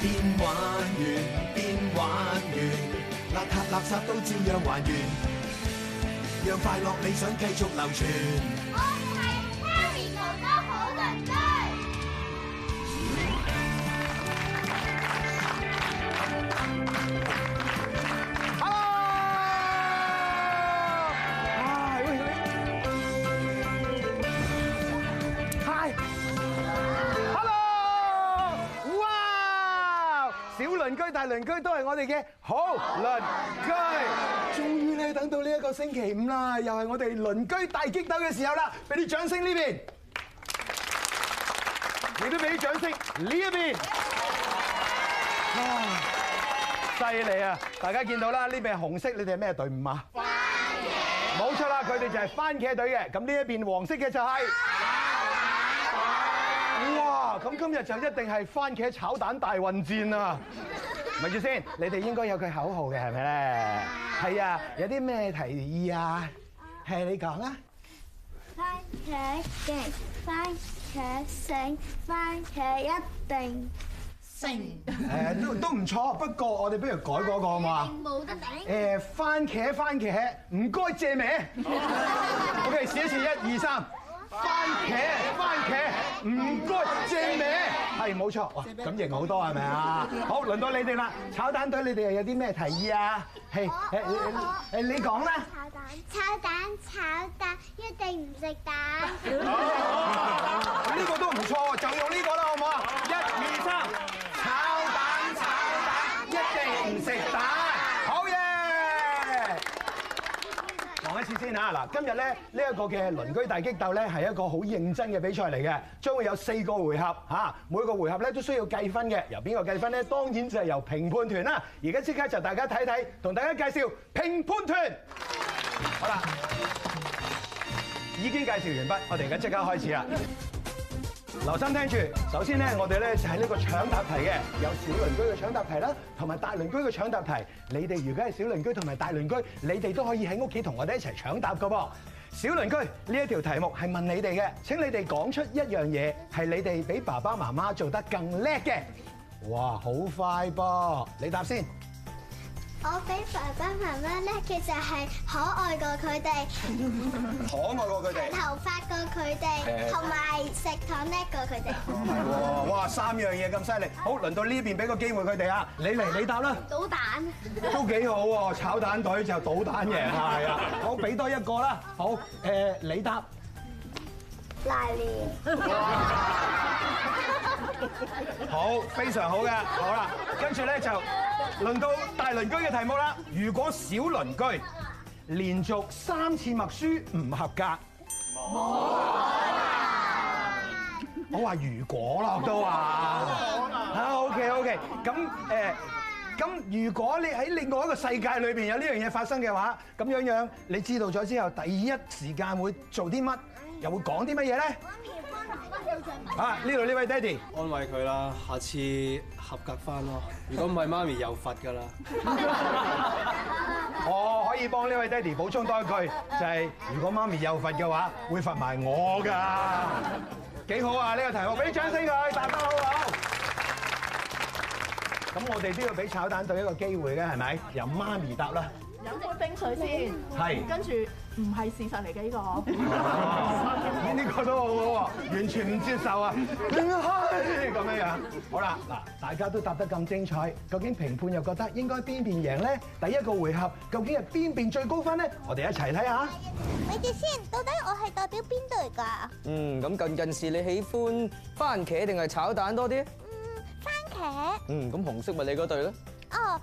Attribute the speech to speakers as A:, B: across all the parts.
A: 邊玩完邊玩完，邋遢垃圾，垃圾都照樣還原，讓快樂理想繼續流傳。鄰居大鄰居都係我哋嘅好鄰居，終於咧等到呢一個星期五啦，又係我哋鄰居大激鬥嘅時候啦！俾啲掌聲呢邊，亦都俾啲掌聲呢一邊。哇！犀利啊！大家見到啦，呢邊係紅色，你哋係咩隊伍啊？番茄冇錯啦，佢哋就係番茄隊嘅。咁呢一邊黃色嘅就係。哇！咁今日就一定係番茄炒蛋大混戰啊！咪住先，你哋應該有佢口號嘅，係咪咧？係啊，有啲咩提議啊？係你講啦。番茄嘅，番茄醒，番
B: 茄一定醒。
A: 誒，都都唔錯，不過我哋不如改嗰個啊嘛。冇得頂。誒，番茄番茄唔該借名。OK，試一試，一二三。番茄，番茄，唔該正名，係冇錯。哇，咁型好多，係咪啊？好，輪到你哋啦，炒蛋隊，你哋又有啲咩提議 hey,、uh, uh. uh, 啊？係、uh. 嗯，誒你講啦。炒、嗯、蛋，
B: 炒、嗯、蛋，炒、uh. 蛋、嗯，一定唔食蛋。
A: 好，呢個都唔錯喎，就用呢個啦，好唔好啊？先吓嗱，今日咧呢一個嘅鄰居大激鬥咧，係一個好認真嘅比賽嚟嘅，將會有四個回合吓，每個回合咧都需要計分嘅，由邊個計分咧？當然就係由評判團啦。而家即刻就大家睇睇，同大家介紹評判團。好啦，已經介紹完畢，我哋而家即刻開始啦。留心聽住，首先咧，我哋咧就係呢個搶答題嘅，有小鄰居嘅搶答題啦，同埋大鄰居嘅搶答題。你哋如果係小鄰居同埋大鄰居，你哋都可以喺屋企同我哋一齊搶答噶噃。小鄰居，呢一條題目係問你哋嘅，請你哋講出一樣嘢係你哋比爸爸媽媽做得更叻嘅。哇，好快噃，你答先。
B: 我俾爸爸媽媽咧，其實係可愛過佢哋，
A: 可愛過佢哋，頭
B: 髮過佢哋，同埋
A: 食糖叻過佢哋。Oh、哇！三樣嘢咁犀利，好，輪到呢邊俾個機會佢哋啊！你嚟你答啦。
B: 搗
A: 蛋都幾好喎，炒蛋隊就搗蛋贏係啊！ 好，俾多一個啦。好，誒，你答。拉
B: 鏈。好，非常好嘅，好啦，跟住咧就。
A: 輪到大鄰居嘅題目啦！如果小鄰居連續三次默書唔合格，
B: 冇啊！
A: 我話如果咯都話啊，OK OK，咁誒，咁、呃、如果你喺另外一個世界裏邊有呢樣嘢發生嘅話，咁樣樣你知道咗之後，第一時間會做啲乜，又會講啲乜嘢咧？啊！呢度呢位爹哋安慰佢啦，下次合格翻咯。如果唔係，媽咪又罰噶啦。我可以幫呢位爹哋補充多一句，就係如果媽咪又罰嘅話，會罰埋我噶。幾好啊！呢個題目俾啲掌聲佢，大家答得好好。咁我哋都要俾炒蛋隊一個機會嘅，係咪？由媽咪答啦。杯冰水先，係跟住唔係事實嚟嘅呢個，呢啲覺得好好，完全唔接受啊！咁樣樣好啦，嗱，大家都答得咁精彩，究竟評判又覺得應該邊邊贏咧？第一個回合究竟係邊邊最高分咧？我哋一齊睇下。咪住先，
B: 到底我係代表邊隊㗎？嗯，咁近近時你喜歡番茄定係炒蛋多啲？嗯，番茄。嗯，咁紅色咪你嗰隊咯。哦。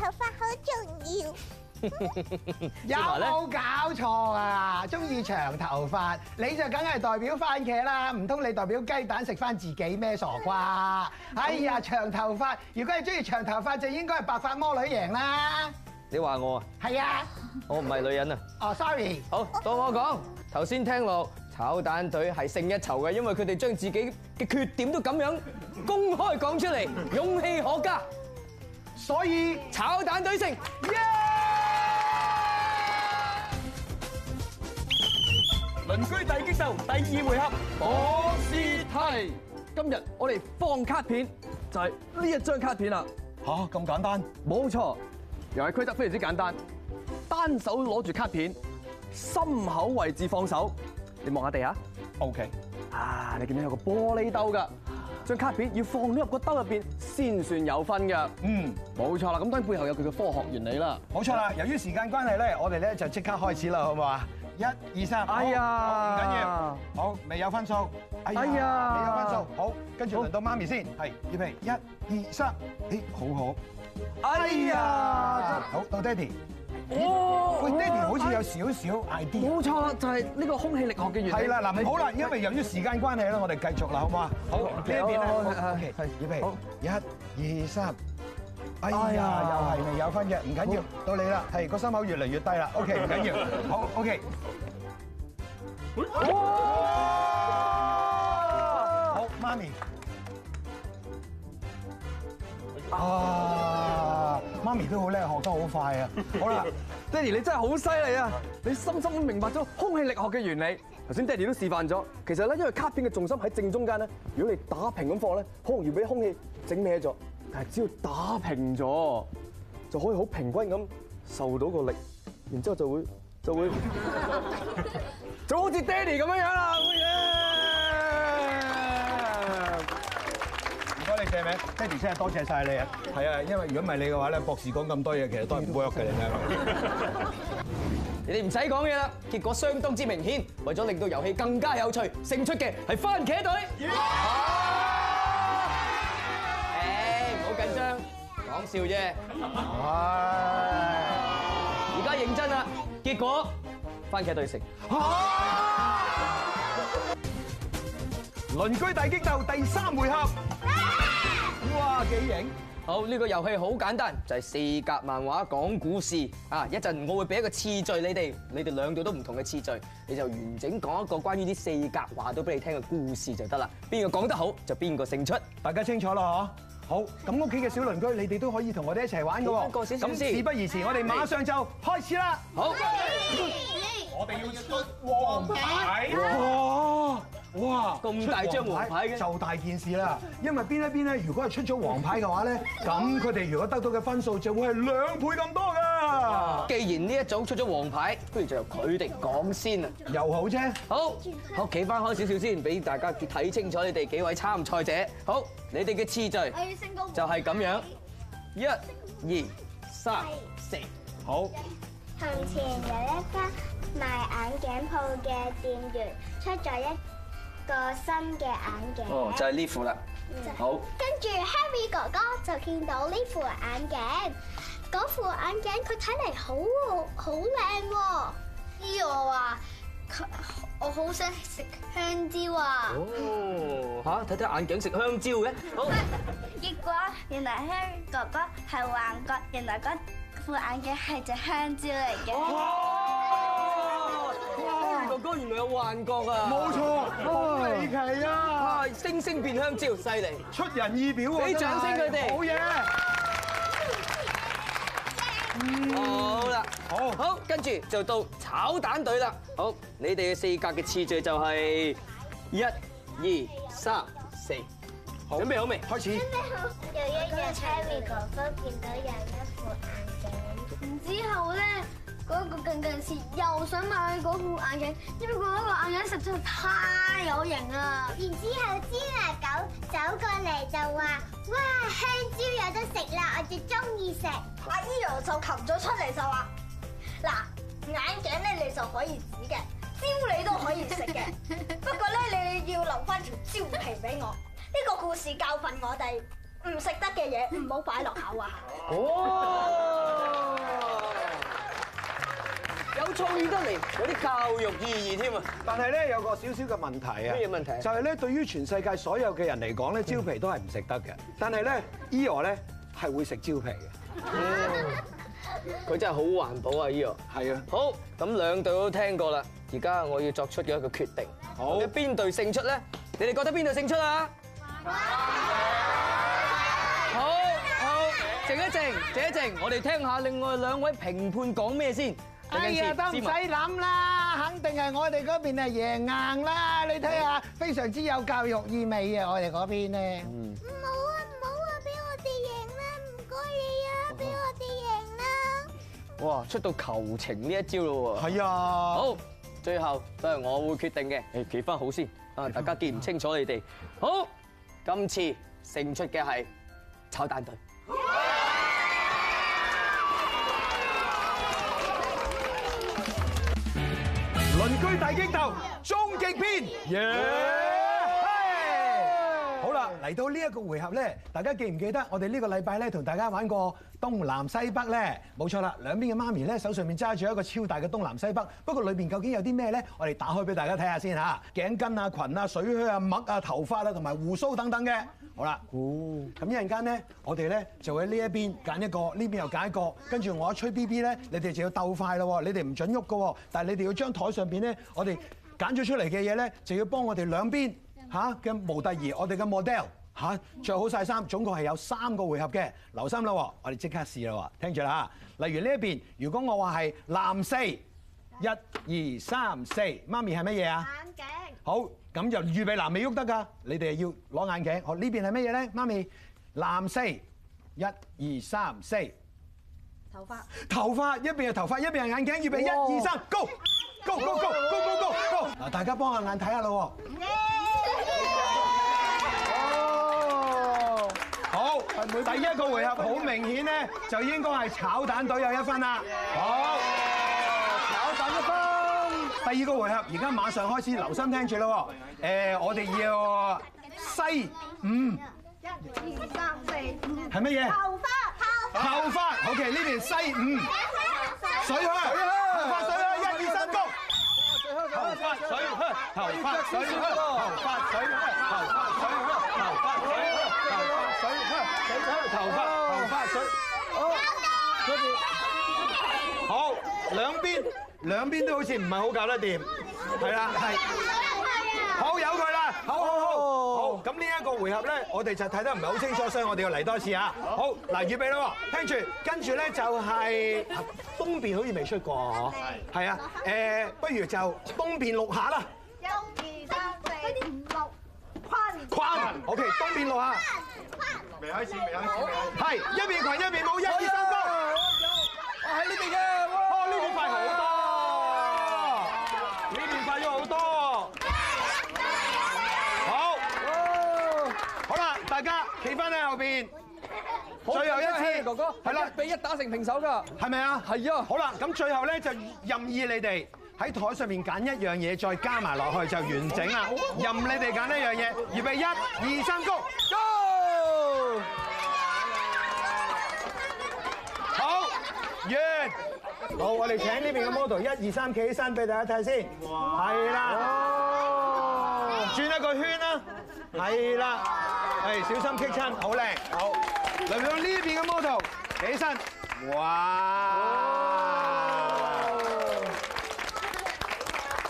A: 長頭髮好重要，嗯、 有冇搞錯啊？中意長頭髮，你就梗係代表番茄啦，唔通你代表雞蛋食翻自己咩傻瓜、嗯？哎呀，長頭髮，如果係中意長頭髮，就應該係白髮魔女贏啦。
B: 你話我啊？係啊，我唔係女人啊。哦、oh,，sorry。好，我 oh. 到我講。頭先聽落炒蛋隊係勝一籌嘅，因為佢哋將自己嘅缺點都咁樣公開講出嚟，勇氣可嘉。所以炒蛋隊成耶
A: 鄰、yeah! 居大激鬥第二回合，我是泰。今日我哋放卡片就係、是、呢一張卡片啦。嚇、啊、咁簡單？冇錯。遊戲規則非常之簡單單手攞住卡片，心口位置放手。你望下地下。OK。啊，你見到有個玻璃兜㗎？張卡片要放咗入個兜入邊先算有分㗎，嗯，冇錯啦。咁當然背後有佢嘅科學原理啦，冇錯啦。由於時間關係咧，我哋咧就即刻開始啦，好唔好啊？一二三，哎呀好，唔緊要，好，未有分數，哎呀，哎呀未有分數，好，跟住輪到媽咪先，係，預備，一二三，哎，好好，哎呀，好，到爹哋。哦！喂，爹哋好似有少少 idea。冇錯，就係呢個空氣力學嘅原理。係啦，嗱，好啦，因為由於時間關係啦，我哋繼續啦，好唔好啊？好，呢一邊啊，OK，預備，一、二、三，哎呀，又係未有分嘅，唔緊要，到你啦，係個心口越嚟越低啦，OK，唔緊要，好，OK。哇！好，媽咪。啊！媽咪都好叻，學得好快啊！好啦，
B: 爹 哋你真係好犀利啊！你深深咁明白咗空氣力學嘅原理。頭先爹哋都示範咗，
A: 其實咧因為卡片嘅重心喺正中間咧，如果你打平咁放咧，好容易俾空氣整歪咗。但係只要打平咗，就可以好平均咁受到個力，然之後就會就會 就好似爹哋咁樣樣啦，咁嘅。咩？Teddy Sir，多謝曬你啊！係啊，因為如果唔係你嘅話咧，博士講咁多嘢其實都係唔 work 嘅，你明唔明啊？你唔使講嘢啦，結果相當之明顯，為咗令到遊戲更加有
B: 趣，勝出嘅係番茄隊。
A: 好，誒，
B: 唔好緊張，講笑啫。係，而家認真啦，結果番茄隊勝。好，鄰居大激鬥第三回合。好呢個遊戲好簡單，就係四格漫畫講故事啊！一陣我會俾一個次序你哋，你哋兩組都唔同嘅次序，你就完整講一個關於啲四格話到俾你聽嘅故事就得啦。邊個講得好就邊個勝出，大家清楚啦嗬？
A: 好，咁屋企嘅小鄰居你哋都可以同我哋一齊玩嘅，咁事不宜遲，我哋馬上就開始啦。好，我哋要出王牌哇。哇！咁大張黃牌就大件事啦。因為邊一邊咧，如果係出咗黃牌嘅話咧，咁佢哋如果得到嘅分數就會係兩倍咁多噶。既
B: 然呢一組出咗黃牌，不如就由佢哋講先啦。又好啫。好，好，企翻開少少先，俾大家睇清楚你哋幾位參賽者。好，你哋嘅次序就係咁樣，一、二、三、四。好。從前有一間賣眼鏡鋪嘅店員出咗一。個新嘅眼鏡，就係呢副啦。好，跟住 Harry 哥哥就見到呢副眼鏡，嗰副眼鏡佢睇嚟好好靚喎。依我話，我好想食香蕉啊。吓，睇睇眼鏡食香蕉嘅。結果原來 Harry 哥哥係幻覺，原來嗰副眼鏡係隻香蕉嚟嘅。哥原來有幻覺啊！冇錯，好離奇啊！星星變香蕉，犀利，出人意表喎！俾掌聲佢哋，好嘢。好啦，好好，跟住就到炒蛋隊啦。好，你哋嘅四格嘅次序就係一、二、三、四。準備好未？開始。準備好，有一日。Charlie 哥哥見到人一副眼鏡，然之後咧。嗰個近近視又想買嗰副眼鏡，因為嗰一個眼鏡實在太有型啦。然之後蕉狗走過嚟就話：，哇，香蕉有得食啦，我最中意食。阿伊洋就擒咗出嚟就話：，嗱，眼鏡咧你就可以止嘅，蕉你都可以食嘅，不過咧你要留翻條蕉皮俾我。呢個故事教訓我哋，唔食得嘅嘢唔好擺落口啊。
A: 創意得嚟有啲教育意義添啊！但係咧有個少少嘅問題啊。咩問題？就係咧對於全世界所有嘅人嚟講咧，蕉皮都係唔食得嘅。但係咧，Eo 咧係會食蕉皮嘅。
B: 嗯，
A: 佢真係好環保啊
B: ！Eo 係啊。好，咁兩隊都聽過啦。而家我要作出嘅一個決定，好邊隊勝出咧？你哋覺得邊隊勝出啊？好，好靜一靜，靜一靜，我哋聽下另外兩位評判講咩
A: 先。哎呀，都唔使諗啦，肯定係我哋嗰邊係贏硬啦！你睇下，非常之有教育意味啊、嗯、啊！我哋嗰邊咧，
B: 唔好啊唔好啊，俾我哋贏啦！唔該你啊，俾、哦、我哋贏啦！哇，出到求情呢一招咯喎！係啊，好，最後都係我會決定嘅。誒、哎，企翻好先啊！大家見唔清楚你哋、嗯。好，今次勝出嘅係
A: 炒蛋隊。嗯《居大激鬥終極篇》。嚟到呢一個回合咧，大家記唔記得我哋呢個禮拜咧同大家玩過東南西北咧？冇錯啦，兩邊嘅媽咪咧手上面揸住一個超大嘅東南西北。不過裏面究竟有啲咩咧？我哋打開俾大家睇下先嚇，頸巾啊、裙啊、水靴啊、襪啊、頭髮啊、同埋鬍鬚等等嘅。好啦，咁、哦、一陣間咧，我哋咧就喺呢一邊揀一個，呢邊又揀一個，跟住我一吹 B B 咧，你哋就要鬥快咯。你哋唔準喐噶，但係你哋要將台上面咧我哋揀咗出嚟嘅嘢咧，就要幫我哋兩邊嚇嘅模特兒，我哋嘅 model。嚇，著好曬衫，總共係有三個回合嘅，留心啦，我哋即刻試啦喎，聽住啦嚇。例如呢一邊，如果我話係藍四，一二三四，媽咪係乜嘢啊？眼鏡。好，咁就預備藍尾喐得㗎，你哋要攞眼鏡。哦，呢邊係乜嘢咧，媽咪？藍四，一二三四。頭髮。頭髮，一邊係頭髮，一邊係眼鏡，預備一二三，Go，Go，Go，Go，Go，Go，Go。嗱，大家幫下眼睇下啦喎。第一個回合好明顯咧，就應該係炒蛋隊有一分啦。好、yeah. oh.，yeah. 炒蛋一分。第二個回合，而家馬上開始，留心聽住咯。誒、 呃，我哋要西五。
B: 一二三四五。
A: 係乜嘢？頭髮頭髮頭髮好嘅，呢、okay, 邊西五。
B: 水開。水開。發水啦！一二三，高。水開。頭髮。水開，
A: 頭髮水開。頭髮水開。頭 頭髮，頭髮，水，好，兩邊，兩邊都好似唔係好搞得掂，係啦，係，好有佢啦，好好好，好，咁呢一個回合咧，我哋就睇得唔係好清楚，所以我哋要嚟多次吓，好，嗱預備啦，聽住，跟住咧就係東邊好似未出過啊，嗬，係，係啊，誒，不如就東邊六下啦，一、
B: 二、三、四、五、六，框，框，OK，東邊六下。
A: 未開始，未開始，係一面群一面冇，一、二、三、高，我喺呢邊嘅，哇，呢邊快好多，呢邊快咗好多，好，好啦，大家企翻喺後邊，最後一次，哥哥，係啦，比一打成平手㗎，係咪啊？係啊，好啦，咁最後咧就任意你哋喺台上面揀一樣嘢再加埋落去就完整啦，任你哋揀一樣嘢，預備，一、二、三。好，我哋請呢邊嘅 model，一二三企起身，俾大家睇先。哇！係啦，哦，轉一個圈啦，係啦，誒，小心踢親，好靚。好，嚟到呢邊嘅 model，企起身。哇！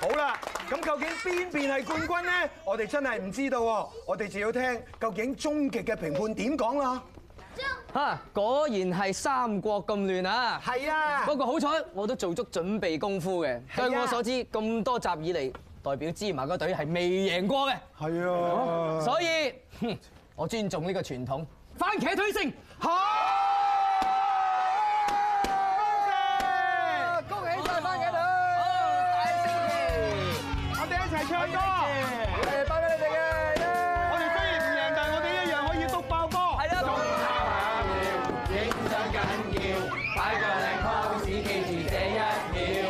A: 好啦，咁究竟邊邊係冠軍咧？我哋真係唔知道，我哋就要聽究竟終極嘅評判點講啦。
B: 吓，果然係三國咁亂啊。係啊，不過好彩我都做足準備功夫嘅。據我所知，咁多集以嚟，代表芝麻嗰隊係未贏過嘅。係啊，所以，哼，我尊重呢個傳統，番茄取勝，好。記住這一秒，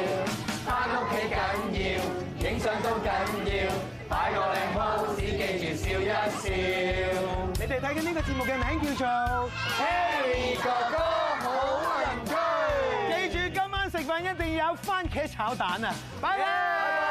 B: 返
A: 屋企緊要，影相都緊要，擺個靚 pose，記住笑一笑。你哋睇緊呢個節目嘅名叫做《Harry 哥哥好鄰居》。記住今晚食飯一定要有番茄炒蛋啊，拜拜！